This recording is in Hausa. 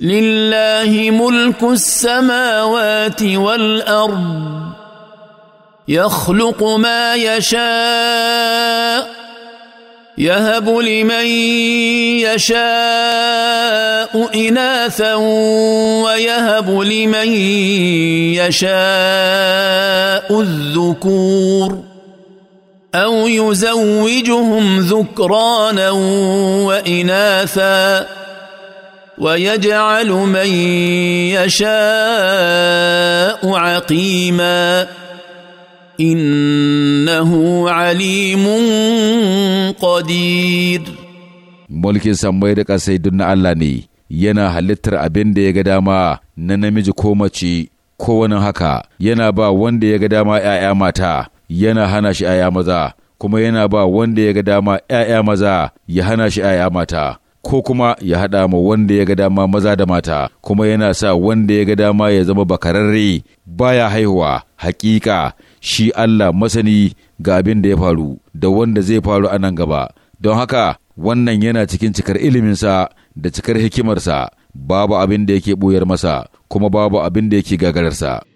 لله ملك السماوات والارض يخلق ما يشاء يهب لمن يشاء اناثا ويهب لمن يشاء الذكور او يزوجهم ذكرانا واناثا Wa ويجعل من يشاء عقيما انه عليم قدير mulkin sammai da ƙasai duk na Allah ne yana halittar abin da ya ga dama na namiji ko mace ko haka yana ba wanda ya ga dama ‘ya'ya mata yana hana shi ‘ya'ya maza kuma yana ba wanda ya ga dama ‘ya'ya maza ya hana shi ‘ya'ya mata ko kuma ya haɗa ma wanda ya ga dama maza da mata kuma yana sa wanda ya ga dama ya zama bakararre baya haihuwa hakika shi Allah masani ga abin da ya faru da wanda zai faru a nan gaba don haka wannan yana cikin cikar iliminsa da cikar hikimarsa babu abin da yake ɓoyar masa kuma babu abin da yake gagararsa